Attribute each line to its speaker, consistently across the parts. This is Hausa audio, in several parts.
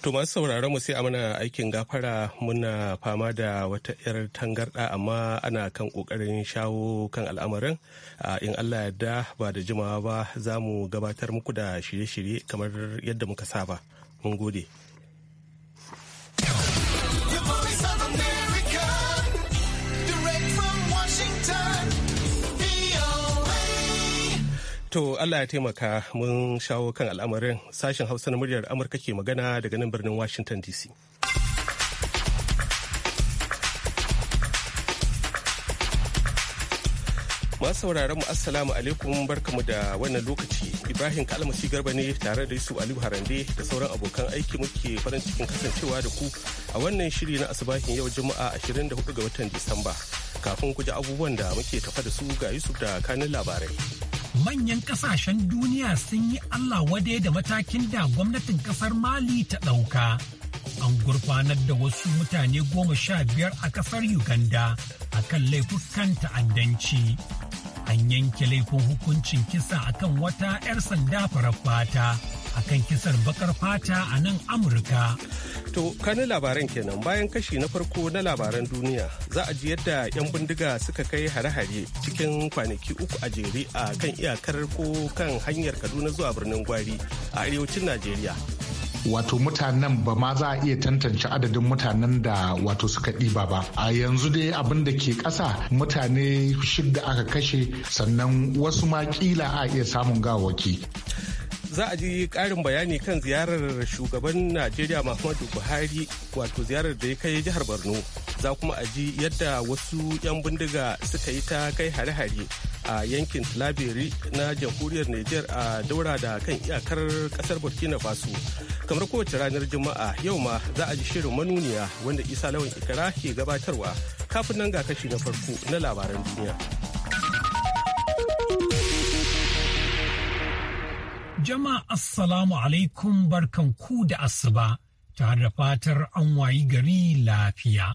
Speaker 1: To masu sauraron mu sai a mana aikin gafara muna fama da wata 'yar tangarɗa amma ana kan ƙoƙarin shawo kan al'amarin in Allah yarda ba da jimawa ba za mu gabatar muku da shirye-shirye kamar yadda muka saba. Mun gode. To Allah ya taimaka mun shawo kan al'amarin sashen Hausa na muryar Amurka ke magana daga nan birnin Washington DC. Masu sauraron mu assalamu alaikum barkamu da wannan lokaci Ibrahim Kalmasi Garba ne tare da Yusuf Aliyu Harande da sauran abokan aiki muke farin cikin kasancewa da ku a wannan shiri na asibahin yau Juma'a 24 ga watan Disamba. Kafin ku ji abubuwan da muke tafa da su ga Yusuf da kanin labarai.
Speaker 2: manyan kasashen duniya sun yi Allah wade da matakin da gwamnatin kasar Mali ta ɗauka. An gurfanar da wasu mutane goma sha biyar a kasar Uganda a kan laifukan ta'addanci. An yanke laifin hukuncin kisa akan wata 'yar sanda farar fata. akan kisar bakar fata a nan Amurka.
Speaker 1: To, kanin labaran kenan bayan kashi na farko na labaran duniya za a ji yadda 'yan bindiga suka kai hare-hare cikin kwanaki uku a jere a kan iyakar ko kan hanyar Kaduna zuwa birnin Gwari a arewacin Najeriya.
Speaker 3: wato mutanen ba ma za a iya tantance adadin mutanen da wato suka ɗiba ba a yanzu dai abin da ke ƙasa mutane shidda aka kashe sannan wasu ma ƙila a iya samun gawaki
Speaker 1: za a ji karin bayani kan ziyarar shugaban Najeriya Muhammadu Buhari wato ziyarar da ya kai jihar Borno. Za kuma a ji yadda wasu 'yan bindiga suka yi ta kai hare-hare a yankin Laberi na jamhuriyar Niger a daura da kan iyakar ƙasar Burkina Faso. Kamar kowace ranar Juma'a yau ma za a ji shirin manuniya wanda Isa Lawan Ikara ke gabatarwa kafin nan ga kashi na farko na labaran duniya.
Speaker 2: Jama'a Assalamu alaikum barkan ku da asuba tare da fatar an wayi gari lafiya.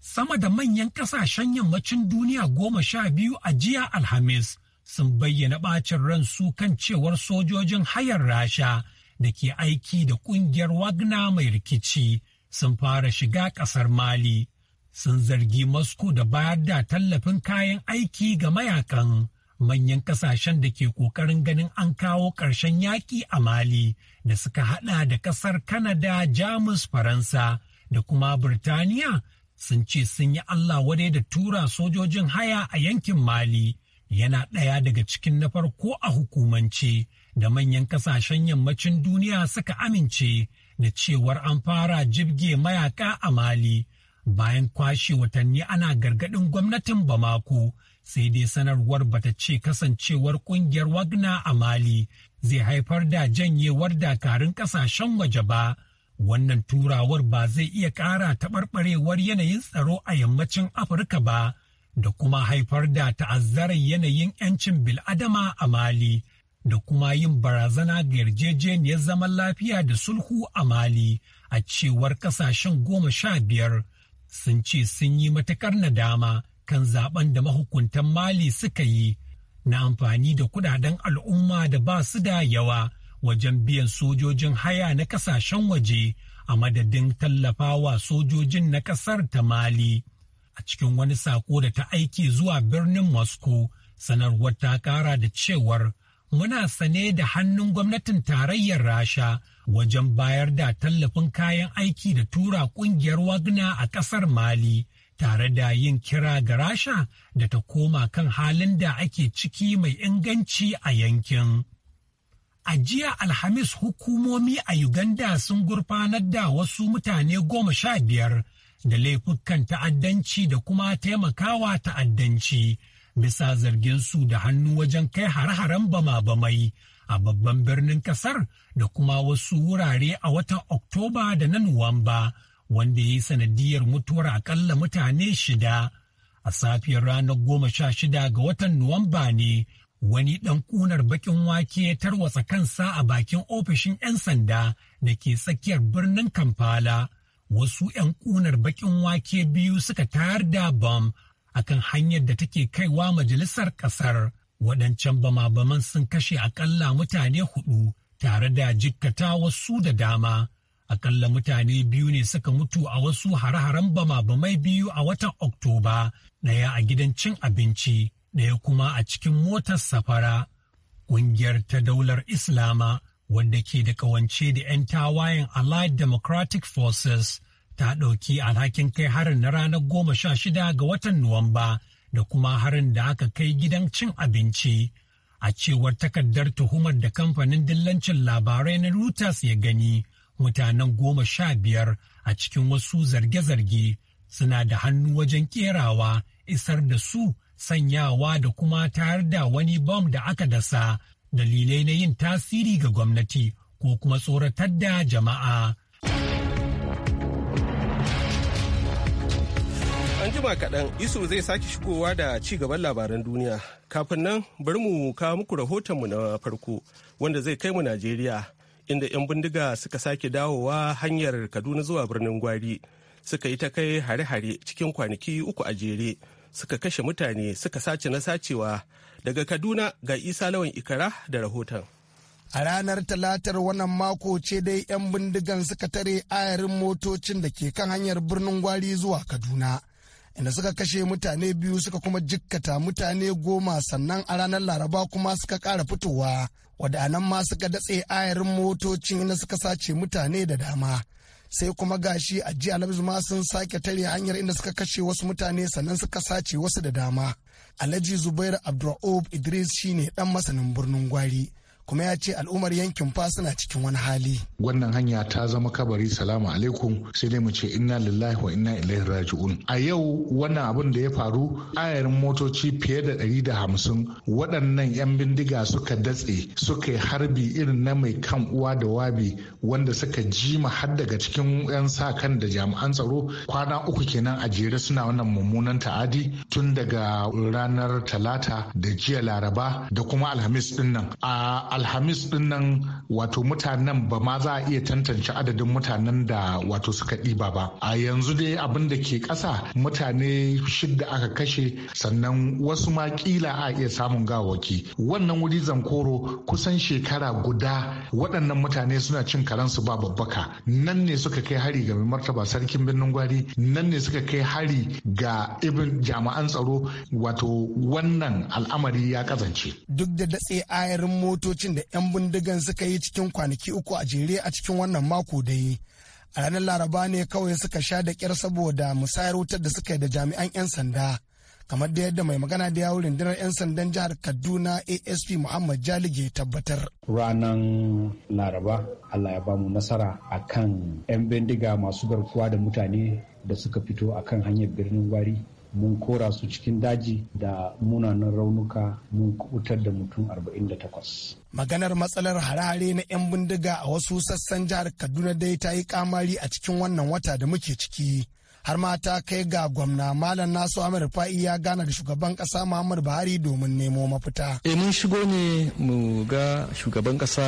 Speaker 2: Sama da manyan kasashen yammacin duniya goma sha biyu a jiya Alhamis sun bayyana ɓacin ransu kan cewar sojojin hayar rasha da ke aiki da ƙungiyar Wagner mai rikici sun fara shiga ƙasar Mali. Sun zargi Moscow da bayar da tallafin kayan aiki ga mayakan. manyan kasashen da ke ƙoƙarin ganin an kawo ƙarshen yaƙi a Mali da suka haɗa da ƙasar Kanada, Jamus, Faransa da kuma Birtaniya sun ce sun yi Allah wadai da tura sojojin haya a yankin Mali yana ɗaya daga cikin na farko a hukumance da manyan kasashen yammacin duniya suka amince da cewar an fara jibge mayaka a Mali bayan kwashe watanni ana gargadin gwamnatin Bamako sai dai sanarwar ba ta ce kasancewar kungiyar wagna a Mali zai haifar da janyewar dakarun kasashen waje ba. Wannan turawar ba zai iya ƙara taɓarɓarewar yanayin tsaro a yammacin Afirka ba da kuma haifar da ta'azzarar yanayin 'yancin bil'adama a Mali da kuma yin barazana ga yarjejeniyar zaman lafiya da sulhu a Mali a cewar ƙasashen goma sha biyar. sun ce sun yi matakar nadama kan zaben da mahukuntan Mali suka yi na amfani da kudaden al'umma da ba su da yawa wajen biyan sojojin haya na kasashen waje a madadin tallafawa sojojin na kasar ta Mali. A cikin wani sako da ta aiki zuwa birnin Moscow, sanarwar ta kara da cewar muna sane da hannun gwamnatin tarayyar Rasha wajen bayar da tallafin kayan aiki da tura kungiyar wagna a ƙasar Mali, tare da yin kira ga Rasha da ta koma kan halin da ake ciki mai inganci a yankin. A jiya Alhamis hukumomi a Uganda sun gurfanar da wasu mutane goma sha biyar da laifukan ta'addanci da kuma taimakawa ta'addanci bisa zarginsu da hannu wajen kai hare haren bama-bamai. a babban birnin kasar da kuma wasu wurare a watan Oktoba da na Nuwamba wanda ya yi sanadiyar mutuwar akalla mutane shida. A safiyar ranar goma sha shida ga watan Nuwamba ne wani ɗan ƙunar baƙin wake ya tarwatsa kansa a bakin ofishin 'yan sanda da ke tsakiyar birnin Kampala. Wasu 'yan ƙunar bakin wake biyu suka tayar da bam akan hanyar da take kaiwa majalisar ƙasar. waɗancan bama-baman sun kashe akalla mutane hudu tare da jikkata wasu da dama akalla mutane biyu ne suka mutu a wasu hare-haren bama-bamai biyu a watan oktoba ɗaya a gidan cin abinci ɗaya kuma a cikin motar safara ƙungiyar ta daular islama wanda ke da ƙawance da 'yan tawayen allied democratic forces ta ɗauki alhakin kai harin na ranar goma sha shida ga watan nuwamba da kuma harin da aka kai gidan cin abinci a cewar takardar tuhumar da kamfanin dillancin labarai na Reuters ya gani mutanen goma sha biyar a cikin wasu zarge-zarge suna da hannu wajen kerawa isar da su sanyawa da kuma tayar da wani bom da aka dasa dalilai na yin tasiri ga gwamnati ko kuma tsoratar da jama'a. jima
Speaker 1: kaɗan iso zai sake shigowa da ci gaban labaran duniya kafin nan bari mu kawo muku rahotonmu na farko wanda zai kai mu najeriya inda 'yan bindiga suka sake dawowa hanyar kaduna zuwa birnin gwari suka yi ta kai hare-hare cikin kwanaki uku a jere suka kashe mutane suka sace na sacewa daga kaduna ga isa lawan ikara da rahoton
Speaker 4: A ranar talatar wannan mako ce dai 'yan bindigan suka tare ayarin motocin da ke kan hanyar birnin gwari zuwa Kaduna. inda suka kashe mutane biyu suka kuma jikkata mutane goma sannan a ranar laraba kuma suka kara fitowa wadda nan ma suka datse ayarin motocin inda suka sace mutane da dama sai kuma gashi a jiya alhamis ma sun sake tare hanyar inda suka kashe wasu mutane sannan suka sace wasu da dama alhaji zubairu abdur'ub idris shine dan masanin birnin gwari kuma ya ce al'ummar yankin fa suna cikin wani hali.
Speaker 3: Wannan hanya ta zama kabari salamu alaikum sai dai mu ce inna lillahi wa inna ilaihi raji'un. A yau wannan abin da ya faru ayarin motoci fiye da ɗari da hamsin waɗannan 'yan bindiga suka datse suka yi harbi irin na mai kan uwa da wabi wanda suka jima har daga cikin 'yan sa kan da jami'an tsaro kwana uku kenan a jere suna wannan mummunan ta'adi tun daga ranar talata da jiya laraba da kuma alhamis dinnan. A alhamis din nan wato mutanen ba ma za a iya tantance adadin mutanen da wato suka ɗiba ba a yanzu dai abin da ke ƙasa mutane shidda aka kashe sannan wasu ma kila a iya samun gawaki wannan wuri zankoro kusan shekara guda waɗannan mutane suna cin karansu ba babbaka nan ne suka kai hari ga mai martaba sarkin birnin gwari nan ne suka kai hari ga ibin jami'an tsaro wato wannan al'amari ya kazance
Speaker 4: duk da datse ayarin motoci lokacin da 'yan bindigan suka yi cikin kwanaki uku a jere a cikin wannan mako da yi a ranar laraba ne kawai suka sha da kyar saboda musayar wutar da suka yi da jami'an 'yan sanda kamar da yadda mai magana da yawon rundunar 'yan sandan jihar kaduna asp muhammad jalige tabbatar
Speaker 5: ranar laraba allah ya bamu nasara akan
Speaker 6: 'yan bindiga masu garkuwa da mutane da suka fito akan hanyar birnin gwari mun kora su cikin daji da munanan raunuka mun kubutar da mutum
Speaker 2: 48
Speaker 4: maganar matsalar harare na 'yan bindiga a wasu sassan jihar kaduna dai ta yi kamari a cikin wannan wata da muke ciki har ma ta kai ga gwamna malam nasu amir fa'i ya gana da shugaban kasa muhammad buhari domin nemo mafita
Speaker 5: e mun shigo ne
Speaker 6: mu ga shugaban kasa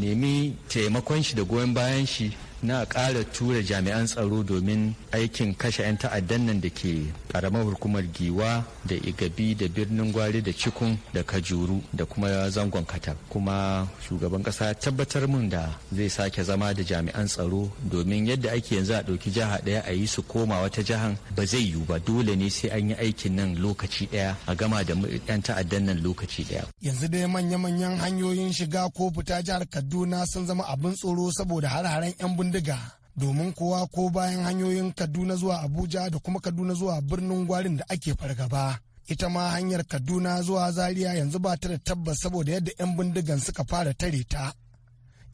Speaker 6: nemi taimakon shi da goyon bayan shi na ƙara tura jami'an tsaro domin aikin kashe 'yan ta'addan nan da ke ƙaramar hukumar giwa da igabi da birnin gwari da cikun da kajuru da kuma zangon katar kuma shugaban ƙasa ya tabbatar mun da zai sake zama da jami'an tsaro domin yadda ake yanzu a ɗauki jiha ɗaya a yi su koma wata jihan ba zai yiwu ba dole ne sai an yi aikin nan lokaci ɗaya a gama da 'yan ta'addan nan lokaci ɗaya.
Speaker 4: yanzu dai manya-manyan hanyoyin shiga ko fita jihar kaduna sun zama abin tsoro saboda har-haren 'yan bindiga bindiga domin kowa ko bayan hanyoyin kaduna zuwa abuja da kuma kaduna zuwa birnin gwarin da ake fargaba ita ma hanyar kaduna zuwa zaria yanzu ba ta da tabbas saboda yadda 'yan bindigan suka fara tare ta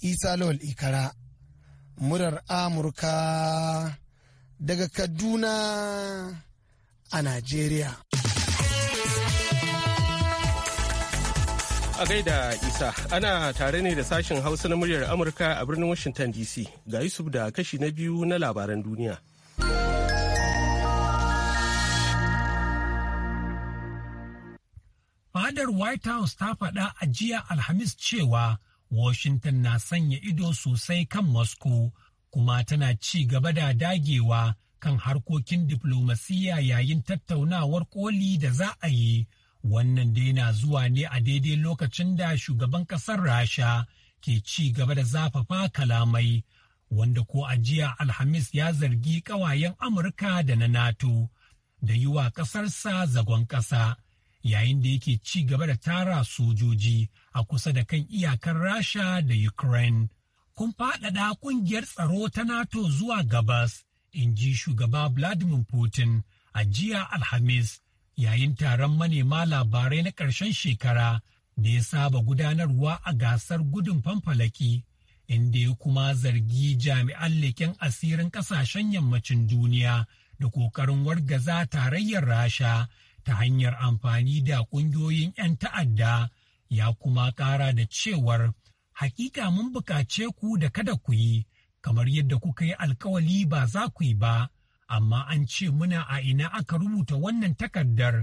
Speaker 4: isa lawal ikara murar amurka daga kaduna a najeriya
Speaker 1: A gaida Isa, ana tare ne da sashen Hausa na muryar Amurka a birnin Washington DC ga Yusuf da kashi na biyu na labaran duniya.
Speaker 2: Fadar White House ta faɗa a jiya Alhamis cewa Washington na sanya ido sosai kan Moscow kuma tana ci gaba da dagewa kan harkokin diflomasiyya yayin tattaunawar koli da za a yi. Wannan dai na zuwa ne a daidai lokacin da shugaban ƙasar Rasha ke ci gaba da zafafa kalamai, wanda ko a jiya Alhamis ya zargi ƙawayen Amurka da na NATO da yi wa ƙasarsa zagon ƙasa, yayin da yake ci gaba da tara sojoji a kusa da kan iyakar Rasha da Ukraine. kun faɗaɗa ƙungiyar tsaro ta NATO zuwa gabas, in ji shugaba Vladimir Putin a jiya Alhamis yayin taron manema labarai na ƙarshen shekara da ya saba gudanarwa a gasar gudun famfalaki, inda ya kuma zargi jami'an leƙen asirin ƙasashen yammacin duniya da ƙoƙarin wargaza tarayyar rasha ta hanyar amfani da ƙungiyoyin 'yan ta'adda ya kuma ƙara da cewar hakika mun buƙace ku da kada ku yi kamar yadda kuka yi alkawali ba za ku yi ba amma an ce muna a ina aka rubuta wannan takardar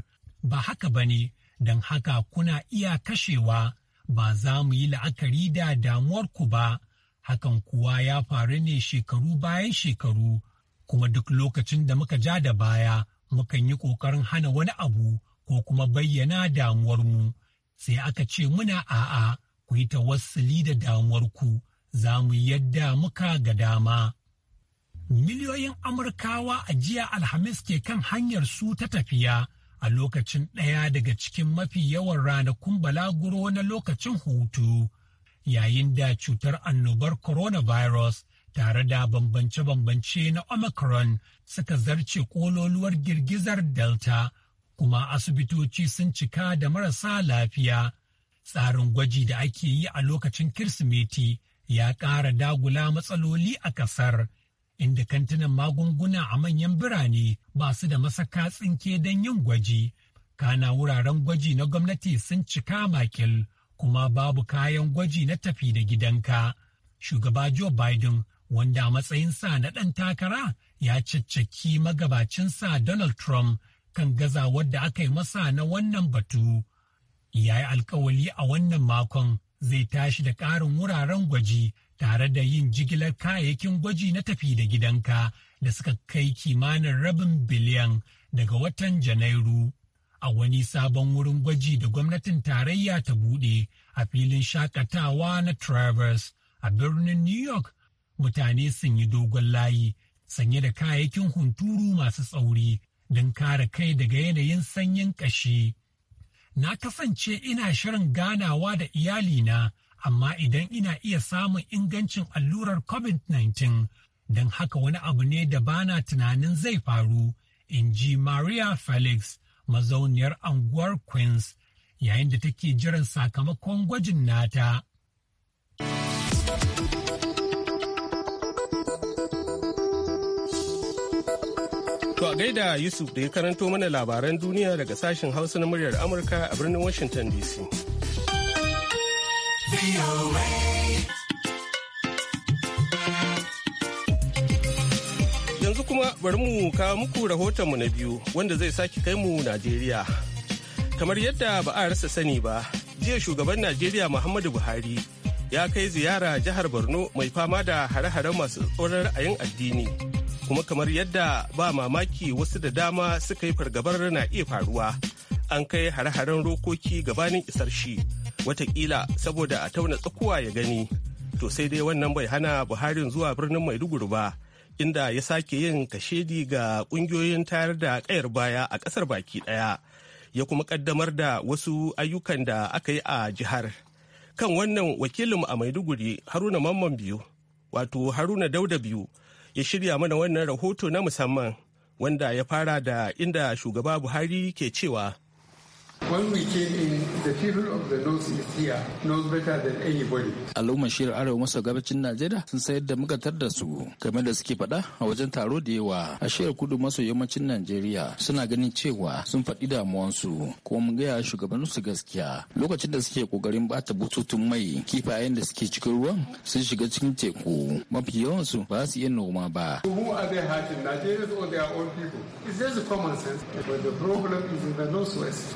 Speaker 2: ba haka ba ne, don haka kuna iya kashewa ba za mu yi la'akari da damuwar ku ba, hakan kuwa ya faru ne shekaru bayan shekaru, kuma duk lokacin da muka ja da baya mukan yi ƙoƙarin hana wani abu ko kuma bayyana damuwar mu. sai aka ce muna a'a ku yi ta wasali da damuwar ku. za mu yadda muka ga dama. miliyoyin Amurkawa a jiya Alhamis ke kan hanyar su ta tafiya a lokacin ɗaya daga cikin mafi yawan ranakun balaguro na lokacin hutu, yayin da cutar annobar coronavirus tare da bambance-bambance na Omicron suka zarce kololuwar girgizar Delta, kuma asibitoci sun cika da marasa lafiya. Tsarin gwaji da ake yi a lokacin Kirsimeti ya ƙara dagula matsaloli a ƙasar. inda kantunan magunguna a manyan birane ba su da masaka tsinke don yin gwaji. Kana wuraren gwaji na gwamnati sun cika makil kuma babu kayan gwaji na tafi da gidanka. Shugaba Joe Biden wanda a matsayinsa na ɗan takara ya caccaki magabacinsa Donald Trump kan gaza wadda aka yi masa na wannan batu. Ya yi alkawali a wannan makon zai tashi da ƙarin wuraren gwaji tare da yin jigilar kayayyakin gwaji na tafi da gidanka da suka kai kimanin rabin biliyan daga watan Janairu. A wani sabon wurin gwaji da gwamnatin tarayya ta buɗe a filin shakatawa na Travers a birnin New York, mutane sun yi dogon layi sanye da kayayyakin hunturu masu tsauri don kare kai daga yanayin sanyin ƙashi. Na kasance ina shirin ganawa da iyalina. amma idan ina iya samun ingancin allurar COVID-19 don haka wani abu ne da bana tunanin zai faru, in ji Maria Felix, mazauniyar anguwar Queens, yayin da take jiran sakamakon gwajin nata.
Speaker 1: To a gaida Yusuf da ya karanto mana labaran duniya daga sashen Hausa na muryar Amurka a birnin Washington DC. Yanzu kuma bari mu kawo muku rahotonmu na biyu wanda zai sake kai mu Najeriya. Kamar yadda ba a rasa sani ba, jiya shugaban Najeriya Muhammadu Buhari ya kai ziyara jihar Borno mai fama da hare-hare masu tsoron ra'ayin addini. Kuma kamar yadda ba mamaki wasu da dama suka yi fargabar na iya faruwa, an kai hare-haren rokoki gabanin isar shi. watakila saboda a tauna tsakuwa ya gani to sai dai wannan bai hana buharin zuwa birnin maiduguri ba inda ya sake yin kashedi ga kungiyoyin tayar da kayar baya a kasar baki daya ya kuma kaddamar da wasu ayyukan da aka yi a jihar kan wannan wakilin a maiduguri haruna mamman biyu wato haruna dauda biyu ya shirya mana wannan rahoto na musamman wanda ya fara da inda shugaba buhari ke cewa
Speaker 3: When we came in, the people
Speaker 5: Al'ummar shirin arewa maso gabacin Najeriya sun sayar da mukatar da su game da suke faɗa a wajen taro da yawa a shirin kudu maso yammacin Najeriya suna ganin cewa sun faɗi damuwansu kuma mun gaya shugabannin su gaskiya lokacin da suke kokarin bata bututun mai kifayen da suke cikin ruwan sun shiga cikin teku mafi yawansu ba su iya noma ba.
Speaker 3: Who are they common sense? But the problem is in the northwest.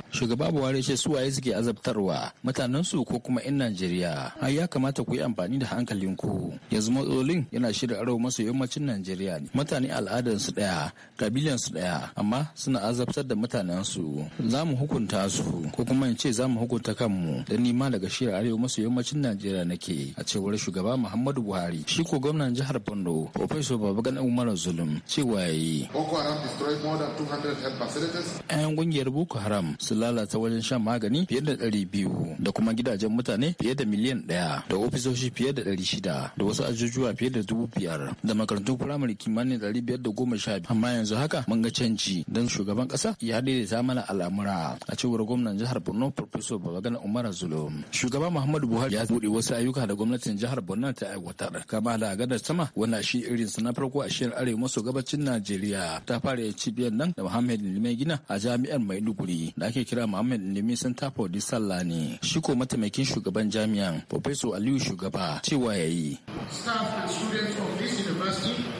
Speaker 5: shugaba buhari ce su waye suke azabtarwa mutanensu ko kuma in najeriya ai ya kamata ku yi amfani da hankalin ku yanzu matsalolin yana shirin arewa maso yammacin najeriya ne mutane al'adar su daya kabilan su daya amma suna azabtar da mutanen su za mu hukunta su ko kuma in ce za mu hukunta kanmu dan nima daga shirin arewa maso yammacin najeriya nake a cewar shugaba muhammadu buhari shi ko gwamnan jihar bando professor babagan umar zulum cewa yayi
Speaker 3: boko haram destroyed more than 200 health facilities
Speaker 5: ayan kungiyar boko haram su lalata wajen shan magani fiye da ɗari biyu da kuma gidajen mutane fiye da miliyan ɗaya da ofisoshi fiye da ɗari shida da wasu ajujuwa fiye da dubu biyar da makarantun firamare kimanin ɗari biyar da goma sha biyu. amma yanzu haka mun ga canji don shugaban ƙasa ya daidaita mana al'amura a cewar gwamnan jihar Borno Professor Babagana Umar Zulum. Shugaba Muhammadu Buhari ya buɗe wasu ayyuka da gwamnatin jihar Borno ta aiwatar kama da gadar sama wanda shi irin su na farko a shiyar arewa maso gabacin Najeriya ta fara cibiyar nan da muhammadu Limai Gina a jami'ar Maiduguri da ake kira Muhammad Nimi sun tafa sallah ne. Shi ko mataimakin shugaban jami'an Professor Aliyu Shugaba cewa yayi.
Speaker 3: Staff and students of this university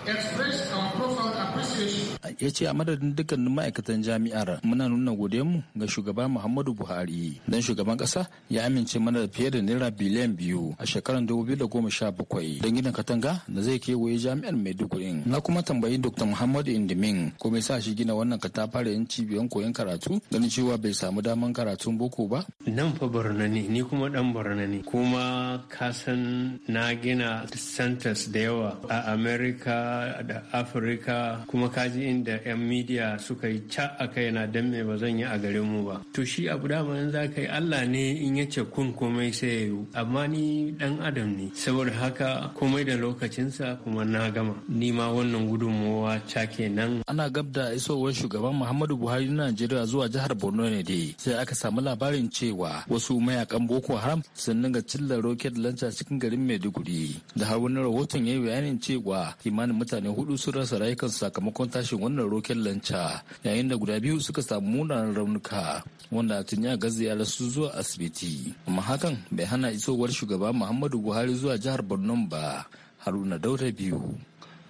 Speaker 5: ya ce a madadin dukkanin ma'aikatan jami'ar muna nuna mu ga shugaba muhammadu buhari don shugaban kasa ya amince mana da fiye da naira biliyan biyu a shekarar bakwai don gina katanga da zai kewaye jami'ar maiduguri na kuma tambayi dr muhammadu indimin ko me sa shi gina wannan yin cibiyar koyon karatu ganin cewa bai samu daman karatun boko ba nan fa borno ne ni kuma dan borno ne kuma ka san na gina centers da yawa a america da africa kuma kaji inda da 'yan midiya suka yi ca a kai don me ba zan yi a garin mu ba to shi abu dama in za ka yi allah ne in ya ce kun komai sai ya yi amma ni dan adam ne saboda haka komai da lokacinsa kuma na gama ni ma wannan gudunmowa ca kenan ana gab da isowar shugaban muhammadu buhari na najeriya zuwa jihar borno ne dai sai aka samu labarin cewa wasu mayakan boko haram sun dinga cillar rocket lanca cikin garin maiduguri da har wani rahoton ya yi bayanin cewa kimanin mutane hudu sun rasa rayukansu sakamakon tashin wannan roken lanca yayin da guda biyu suka samu munanan raunuka wanda tun ya gazi ya rasu zuwa asibiti amma hakan bai hana isowar shugaba muhammadu buhari zuwa jihar borno ba haruna daura biyu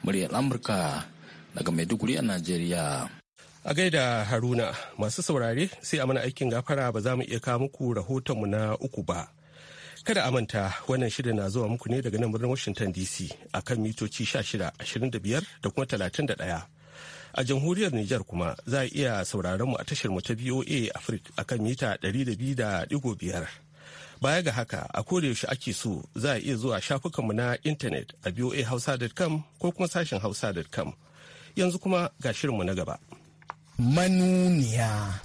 Speaker 5: muryar amurka daga maiduguri a nigeria. a gaida haruna masu saurare sai a
Speaker 7: mana
Speaker 1: aikin gafara ba za mu iya kawo muku rahotonmu na uku ba kada a manta wannan shirin na zuwa muku ne daga nan birnin washington dc akan mitoci 16 25 da kuma da 31 A jamhuriyar Nijar kuma za a iya sauraron mu a tashar mu ta BOA Africa akan mita 200.5. Baya ga haka a yaushe ake so za a iya zuwa shafukan mu na intanet a boahausa.com ko kuma sashen hausa.com. Yanzu kuma ga shirinmu na gaba.
Speaker 4: Manuniya.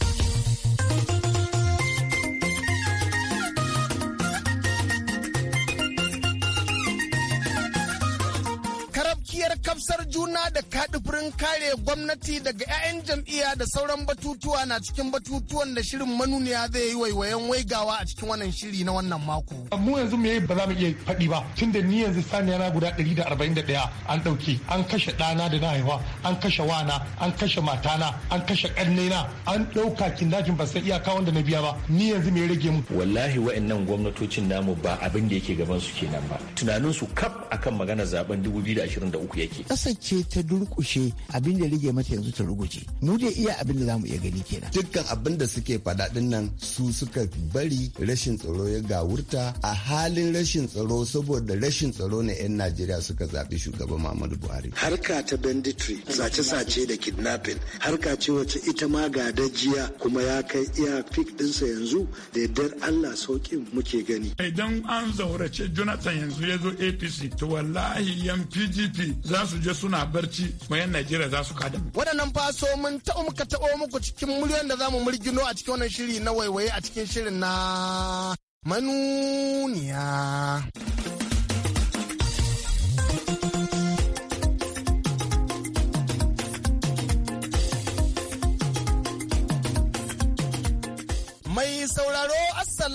Speaker 4: tafsar juna da kaɗifirin kare gwamnati daga 'ya'yan jam'iyya da sauran batutuwa na cikin batutuwan da shirin manuniya zai yi waiwayen waigawa a cikin wannan shiri na wannan mako. Mu yanzu me ba za mu iya
Speaker 3: faɗi ba tun da ni yanzu saniya na guda ɗaya an ɗauki an kashe ɗana da na haihuwa an kashe wana an kashe matana an kashe na,
Speaker 6: an ɗauka kin ba san iyaka wanda na biya ba ni yanzu me rage mu. Wallahi wa'annan gwamnatocin namu ba abin da yake gaban su kenan ba tunanin su kaf akan magana zaben 2023 yake
Speaker 8: ce ta durkushe
Speaker 4: abin da rige mata yanzu ta ruguje mu dai iya abin da zamu iya gani kenan
Speaker 8: dukkan abin da suke fadaɗin din nan su suka bari rashin tsaro ya gawurta a halin rashin tsaro saboda rashin tsaro na 'yan Najeriya suka zaɓi shugaban Muhammadu Buhari
Speaker 4: harka ta banditry
Speaker 7: sace-sace
Speaker 4: da kidnapping harka ce wacce ita ma ga dajiya kuma ya kai iya
Speaker 8: fik ɗinsa yanzu da yardar Allah sauƙin muke gani
Speaker 7: idan an zaurace Jonathan yanzu ya zo APC to wallahi yan pdp za su je suna barci kuma yan najeriya za su kada
Speaker 4: waɗannan faso mun taɓa muka taɓa muku cikin miliyon da za mu murgino a cikin wannan shiri na waiwaye a cikin shirin na manuniya mai sauraro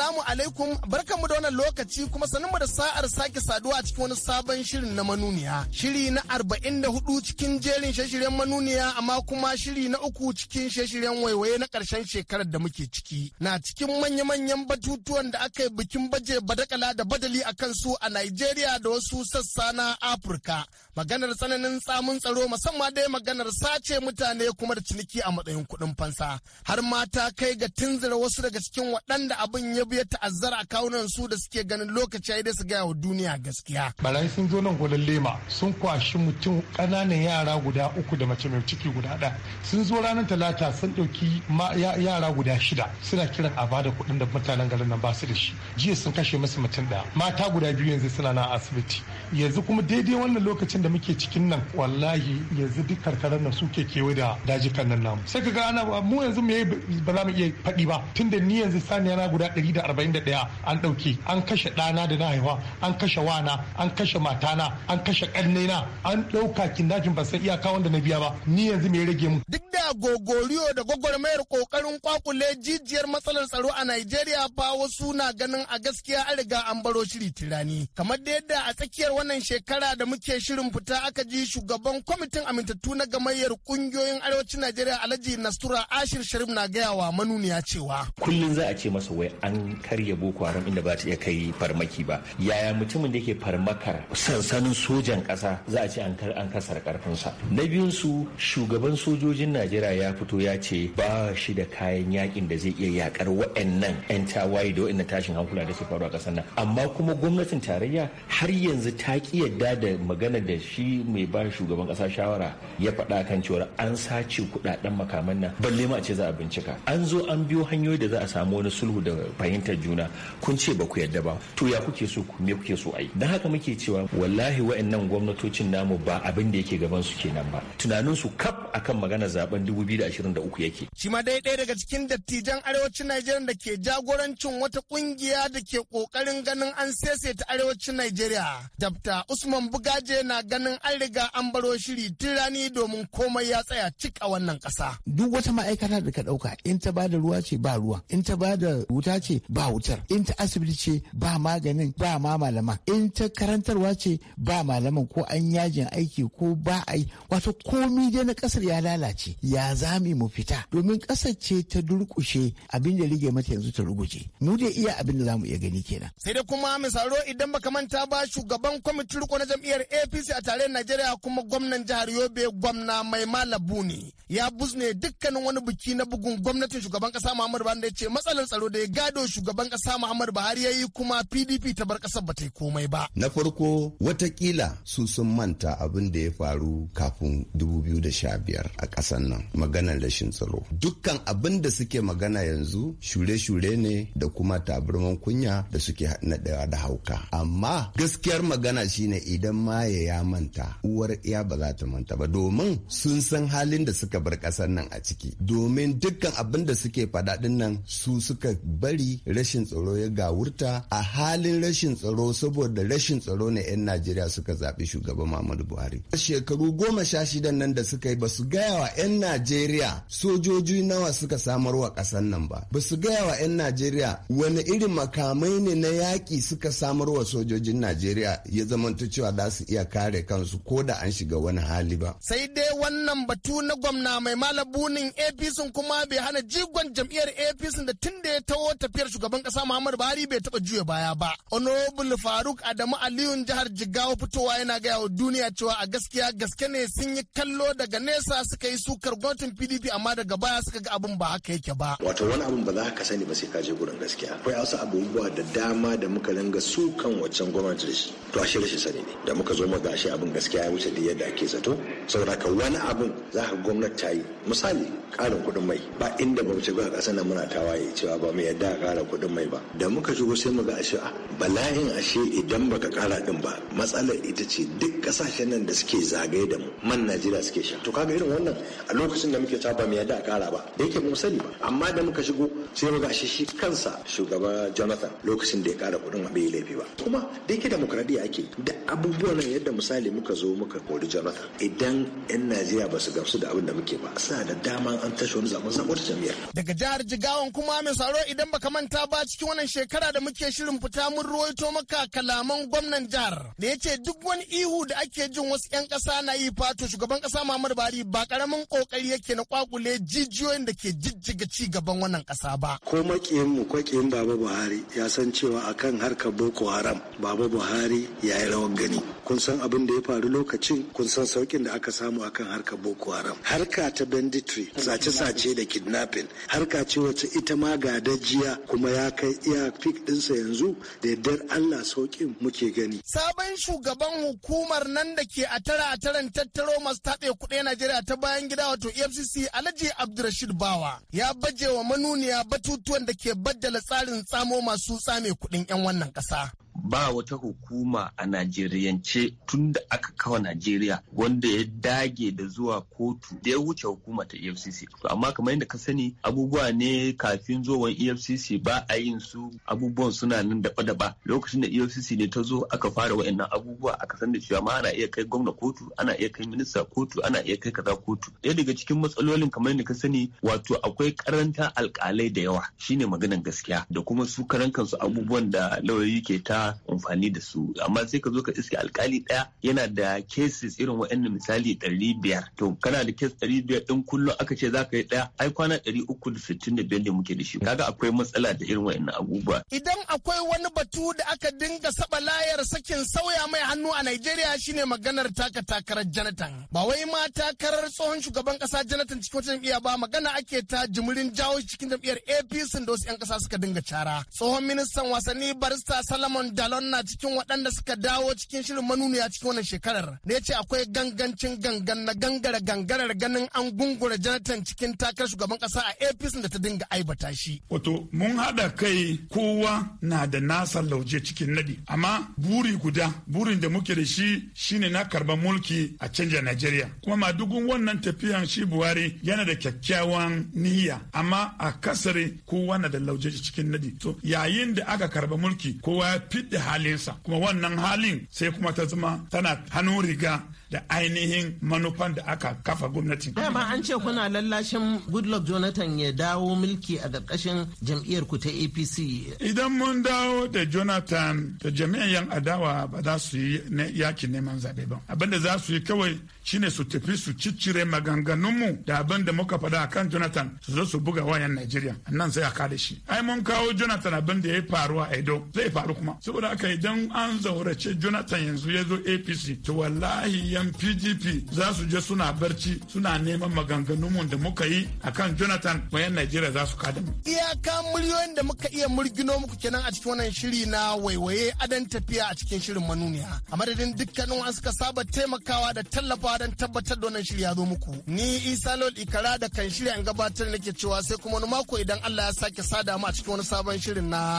Speaker 4: Assalamu alaikum barkanmu da wannan lokaci kuma sanin da sa'ar sake saduwa a cikin wani sabon shirin na manuniya. Shiri na arba'in da hudu cikin jerin shashiren manuniya amma kuma shiri na uku cikin shashiren waiwaye na karshen shekarar da muke ciki. Na cikin manya-manyan batutuwan da aka yi bikin baje badakala da badali a kansu a Najeriya da wasu sassa na Afirka. Maganar tsananin tsamin tsaro musamman dai maganar sace mutane kuma da ciniki a matsayin kuɗin fansa. Har mata kai ga tunzura wasu daga cikin waɗanda abin ya abu ya ta'azzara a kawunan su da suke ganin lokaci ya su gaya wa duniya gaskiya.
Speaker 3: Barayi sun zo nan gwanin lema sun kwashi mutum ƙananan yara guda uku da mace mai ciki guda ɗaya sun zo ranar talata sun ɗauki yara guda shida suna kiran a bada kuɗin da mutanen garin nan ba su da shi jiya sun kashe masu mutum ɗaya mata guda biyu yanzu suna nan asibiti yanzu kuma daidai wannan lokacin da muke cikin nan wallahi yanzu duk karkarar nan suke kewaye da dajikan nan namu sai ka ga ana mu yanzu me ba za mu iya faɗi ba tunda ni yanzu saniya na guda ɗari da da an ɗauki an kashe ɗana da na haihuwa an kashe wana an kashe matana an kashe na an ɗauka kindajin ba sai iyaka wanda na biya ba ni yanzu me rage mu.
Speaker 4: Duk da gogoriyo da gwagwarmayar kokarin kwakule jijiyar matsalar tsaro a Najeriya fa wasu na ganin a gaskiya an riga an baro shiri tirani. Kamar da yadda a tsakiyar wannan shekara da muke shirin fita aka ji shugaban kwamitin amintattu na gamayyar kungiyoyin arewacin Najeriya Alhaji Nastura Ashir Sharif na gaya wa manuniya cewa.
Speaker 6: Kullum za a ce masa wai an an karya boko haram inda ba ta iya kai farmaki ba yaya mutumin da yake farmakar sansanin sojan ƙasa za a ce an kasar karfinsa na biyun su shugaban sojojin najeriya ya fito ya ce ba shi da kayan yakin da zai iya yakar wa'annan 'yan tawaye da wa'annan tashin hankula da ke faruwa a ƙasar nan amma kuma gwamnatin tarayya har yanzu ta ki yadda da magana da shi mai ba shugaban ƙasa shawara ya faɗa kan cewa an sace kuɗaɗen makaman nan balle ma a ce za a bincika an zo an biyo hanyoyi da za a samu wani sulhu da fahimtar juna kun ce ba ku yadda ba to ya kuke so ku me kuke so ai dan haka muke cewa wallahi wa'annan gwamnatocin namu ba abin da yake gaban su kenan ba tunanin su kaf akan magana zaben 2023 yake
Speaker 4: shi ma dai ɗaya daga cikin dattijan arewacin Najeriya da ke jagorancin wata kungiya da ke kokarin ganin an ta arewacin Najeriya dabta Usman Bugaje na ganin an riga an baro shiri tirani domin komai ya tsaya cik a wannan kasa. duk wata ma'aikata da ka ɗauka in ta bada da ruwa ce ba ruwa in ta bada wuta ce ba wutar in ta asibiti ce ba maganin ba ma malama in ta karantarwa ce ba malaman ko an yajin aiki ko ba a yi wato komi dai na kasar ya lalace ya zami mu fita domin kasar ce ta durkushe abin da rige mata yanzu ta ruguje mu dai iya abin da zamu iya gani kenan sai dai kuma misaro idan baka manta ba shugaban kwamitin riko na jam'iyyar APC a tare Najeriya kuma gwamnan jihar Yobe gwamna mai malabu ne ya buzne dukkanin wani biki na bugun gwamnatin shugaban kasa Muhammadu Buhari da ya ce matsalar tsaro da ya gado shugaban kasa Muhammadu Buhari ya yi kuma PDP ta bar kasar ba ta yi komai ba.
Speaker 8: Na farko watakila su sun manta abin da ya faru kafin 2015 a ƙasar nan maganar rashin tsaro. Dukkan abin da suke magana yanzu shure-shure ne da kuma taburman kunya da suke naɗewa da hauka. Amma gaskiyar magana shine idan ma ya manta uwar iya ba za ta manta ba domin sun san halin da suka bar ƙasar nan a ciki. Domin dukkan abin da suke faɗaɗin nan su suka bari rashin tsaro ya gawurta a halin rashin tsaro saboda rashin tsaro ne 'yan najeriya suka zaɓi shugaban muhammadu buhari shekaru goma sha shidan nan da suka yi ba su gaya wa 'yan najeriya sojoji nawa suka samar wa ƙasar nan ba ba su gaya wa 'yan najeriya wani irin makamai ne na yaƙi suka samar wa sojojin najeriya ya zamanta cewa za su iya kare kansu ko da an shiga wani hali ba
Speaker 4: sai dai wannan batu na gwamna mai malabunin apc kuma bai hana jigon jam'iyyar apc da tun da ya taho tafiyar shugaban kasa Muhammadu Buhari bai taba juya baya ba. Honorable Faruk Adamu Aliyu jihar Jigawa fitowa yana gaya wa duniya cewa a gaskiya gaske ne sun yi kallo daga nesa suka yi sukar gwamnatin PDP amma daga baya suka ga abin ba haka yake ba. Wato
Speaker 8: wani abin ba za ka sani ba sai ka je gurin gaskiya. Akwai wasu abubuwa da dama da muka su sukan waccan gwamnati da shi. To ashe shi sani ne. Da muka zo mu ga shi abin gaskiya ya wuce da yadda ake zato. Saboda ka wani abin za ka gwamnati ta yi. Misali ƙarin kuɗin mai ba inda ba mu ce ba a nan muna tawaye cewa ba mu yadda a kara kuɗin mai ba da muka shigo sai mu ga ashe a ah, bala'in ashe idan baka kara din ba matsalar ita ce duk kasashen nan da suke zagaye da mu man Najeriya suke sha to kaga irin wannan a lokacin da muke ta ba mu yadda a kara ba da yake mu sani ba amma da muka shigo sai mu ga ashe shi kansa shugaba Jonathan lokacin da ya kara kuɗin bai laifi ba kuma da yake demokradiyya ake da abubuwan nan yadda misali muka zo muka kori Jonathan idan 'yan Najeriya ba su gamsu da abin da muke ba suna da dama an tashi wani zaben wata jam'iyyar
Speaker 4: daga jihar Jigawan kuma mai saro idan baka manta manta ba cikin wannan shekara da muke shirin fita mun ruwaito maka kalaman gwamnan jihar da ya ce duk wani ihu da ake jin wasu 'yan ƙasa na yi fato shugaban ƙasa Muhammadu Buhari ba karamin kokari yake na kwakule jijiyoyin da ke jijjiga ci gaban wannan kasa ba. Ko
Speaker 8: maƙiyin mu ko Baba Buhari ya san cewa akan harkar Boko Haram Baba Buhari
Speaker 4: ya yi rawar gani. Kun san abin da ya faru lokacin kun san saukin da aka samu akan harkar Boko Haram. Harka ta banditry, sace-sace da kidnapping, harka ce wacce ita ma ga dajiya kuma kuma ya kai iya fik ɗinsa yanzu da yardar Allah sauƙin muke gani. Sabon shugaban hukumar nan da ke a tara a taran tattaro masu taɓe kuɗi Najeriya ta bayan gida wato EFCC Alhaji Abdulrashid Bawa ya baje wa manuniya batutuwan da ke baddala tsarin tsamo masu tsame kuɗin 'yan wannan ƙasa.
Speaker 6: ba wata hukuma a Najeriyance tun da aka kawo Najeriya wanda ya dage da zuwa kotu da ya wuce hukuma ta EFCC. To amma kamar yadda ka sani abubuwa ne kafin zuwan EFCC ba a yin su abubuwan suna nan daba-daba. Lokacin da EFCC ne ta zo aka fara wa'annan abubuwa aka san da cewa ma ana iya kai gwamna kotu, ana iya kai minista kotu, ana iya kai kaza kotu. Ɗaya daga cikin matsalolin kamar yadda ka sani wato akwai karanta alkalai da yawa shine maganan gaskiya da kuma su karan su abubuwan da lauyoyi ke ta amfani da su amma sai ka zo ka iske alkali daya. yana da cases irin waɗannan misali ɗari biyar to kana da case ɗari biyar ɗin kullum aka ce za ka yi ɗaya ai kwana ɗari uku da sittin da biyar da muke da shi kaga akwai matsala da irin waɗannan abubuwa.
Speaker 4: Idan akwai wani batu da aka dinga saba layar sakin sauya mai hannu a Najeriya shine maganar taka takarar Jonathan. Ba wai ma takarar tsohon shugaban kasa Jonathan cikin wata jam'iyya ba magana ake ta jimurin jawo cikin jam'iyyar APC da wasu 'yan kasa suka dinga cara. Tsohon ministan wasanni barista Salamon Jalon na cikin waɗanda suka dawo cikin shirin manuniya cikin wannan shekarar. Da ya ce akwai gangancin gangan na gangara gangarar ganin an gungura Jonathan cikin takar shugaban ƙasa a APC da ta dinga aibata shi.
Speaker 7: Wato mun haɗa kai kowa na da nasa lauje cikin nadi. Amma buri guda burin da muke da shi shine na karɓar mulki a canja Najeriya. Kuma ma duk wannan tafiyan shi Buhari yana da kyakkyawan niyya amma a kasare kowa na da lauje cikin nadi. To yayin da aka karba mulki kowa ya fit da halinsa kuma wannan halin sai kuma ta zama tana hannun riga da ainihin manufan da aka kafa gwamnati. Dama an
Speaker 4: ce kuna lallashin Goodluck Jonathan ya dawo mulki a ƙarƙashin
Speaker 7: jam'iyyar ku ta APC. Idan mun dawo da Jonathan da jami'an yan adawa ba za su yi yakin neman zaɓe ba. Abin da za su yi kawai shine su tafi su ciccire maganganunmu da abin da muka faɗa akan Jonathan su zo su buga wayan Najeriya. Nan sai a kada shi. Ai mun kawo Jonathan abin da ya faru a Edo zai faru kuma. saboda haka idan an zaurace jonathan yanzu ya zo apc to wallahi yan pdp za su je suna barci suna neman maganganunmu da muka yi akan jonathan bayan najeriya za su kada mu
Speaker 4: iyaka miliyoyin da muka iya murgino muku kenan a cikin wannan shiri na waiwaye adan tafiya a cikin shirin manuniya a madadin dukkanin wa suka saba taimakawa da tallafawa don tabbatar da wannan shiri ya zo muku ni isa lol ikara da kan shirya an gabatar nake cewa sai kuma wani mako idan allah ya sake sada mu a cikin wani sabon shirin na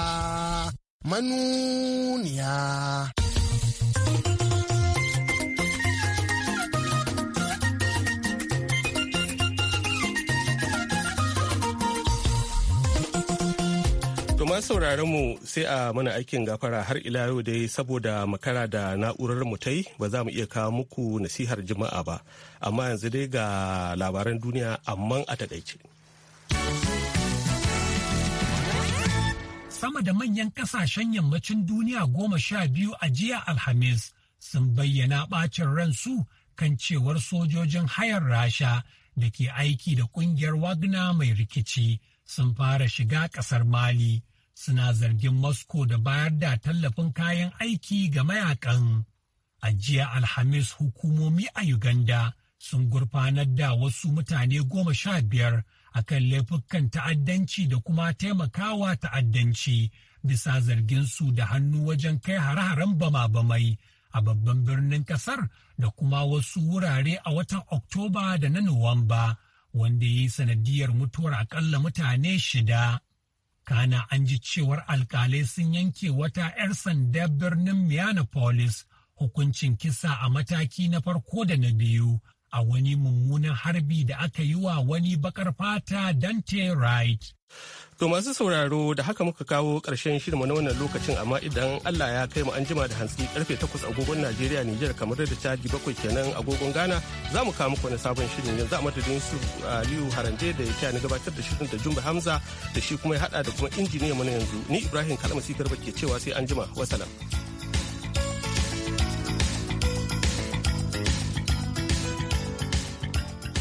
Speaker 4: manuniya.
Speaker 1: Tuma sauraron mu sai a mana aikin gafara har ila yau dai saboda makara da na'urar mu ta yi, ba za mu iya kawo muku nasihar jima'a ba amma yanzu dai ga labaran duniya amman a takaice.
Speaker 2: sama da manyan kasashen yammacin duniya goma sha biyu a jiya alhamis sun bayyana ɓacin ransu kan cewar sojojin hayar rasha da ke aiki da ƙungiyar wagna mai rikici sun fara shiga ƙasar mali suna zargin moscow da bayar da tallafin kayan aiki ga mayakan a jiya alhamis hukumomi a uganda sun gurfanar da wasu mutane goma sha biyar akan laifukan ta'addanci da kuma taimakawa ta'addanci bisa zarginsu da hannu wajen kai hare-haren bama-bamai a babban birnin kasar da kuma wasu wurare a watan Oktoba da na Nuwamba wanda ya yi sanadiyar mutuwar akalla mutane shida. Kana an ji cewar alkalai sun yanke wata 'yar sanda birnin Mianapolis hukuncin kisa a mataki na farko da na biyu a wani mummunan harbi da aka yi wa wani bakar fata Dante Wright. To masu
Speaker 1: sauraro da haka muka kawo ƙarshen shirin na wannan lokacin amma idan Allah ya kai mu anjima da hantsi karfe 8 agogon Najeriya Nijar kamar da caji bakwai kenan agogon Ghana za mu kawo muku wani sabon shirin yanzu a madadin su Aliyu Harande da ya ni gabatar da shirin da Jumba Hamza da shi kuma ya hada da kuma injiniya muna yanzu ni Ibrahim Kalamasi Garba ke cewa sai anjima jima wasalam.